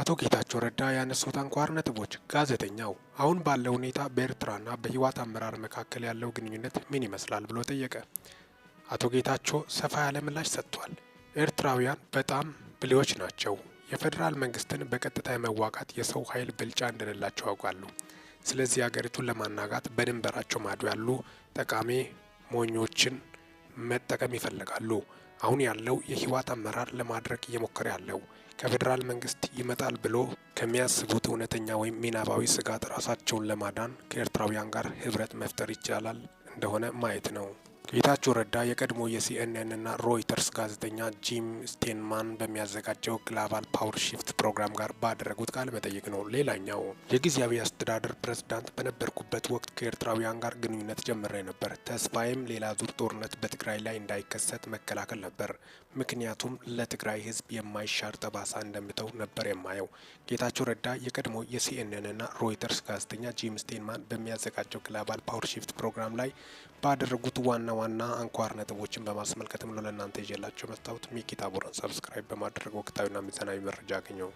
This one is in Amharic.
አቶ ጌታቸው ረዳ ያነሱት አንኳር ነጥቦች ጋዜጠኛው አሁን ባለው ሁኔታ በኤርትራና በህወሓት አመራር መካከል ያለው ግንኙነት ምን ይመስላል ብሎ ጠየቀ። አቶ ጌታቸው ሰፋ ያለ ምላሽ ሰጥቷል። ኤርትራውያን በጣም ብልዮች ናቸው። የፌዴራል መንግስትን በቀጥታ የመዋጋት የሰው ኃይል ብልጫ እንደሌላቸው ያውቃሉ። ስለዚህ ሀገሪቱን ለማናጋት በድንበራቸው ማዶ ያሉ ጠቃሚ ሞኞችን መጠቀም ይፈልጋሉ። አሁን ያለው የህወሓት አመራር ለማድረግ እየሞከረ ያለው ከፌዴራል መንግስት ይመጣል ብሎ ከሚያስቡት እውነተኛ ወይም ሚናባዊ ስጋት ራሳቸውን ለማዳን ከኤርትራውያን ጋር ህብረት መፍጠር ይቻላል እንደሆነ ማየት ነው። ጌታቸው ረዳ የቀድሞ የሲኤንኤን እና ሮይተርስ ጋዜጠኛ ጂም ስቴንማን በሚያዘጋጀው ግላባል ፓወር ሺፍት ፕሮግራም ጋር ባደረጉት ቃለ መጠይቅ ነው። ሌላኛው የጊዜያዊ አስተዳደር ፕሬዝዳንት በነበርኩበት ወቅት ከኤርትራውያን ጋር ግንኙነት ጀምሬ ነበር። ተስፋዬም ሌላ ዙር ጦርነት በትግራይ ላይ እንዳይከሰት መከላከል ነበር። ምክንያቱም ለትግራይ ህዝብ የማይሻር ጠባሳ እንደምተው ነበር የማየው። ጌታቸው ረዳ የቀድሞ የሲኤንኤን እና ሮይተርስ ጋዜጠኛ ጂም ስቴንማን በሚያዘጋጀው ግላባል ፓወር ሺፍት ፕሮግራም ላይ ባደረጉት ዋና ዋና አንኳር ነጥቦችን በማስመልከትም ነው ለእናንተ ይዤላቸው መጣሁት። ሚኪ ታቦርን ሰብስክራይብ በማድረግ ወቅታዊና ሚዛናዊ መረጃ አገኘው።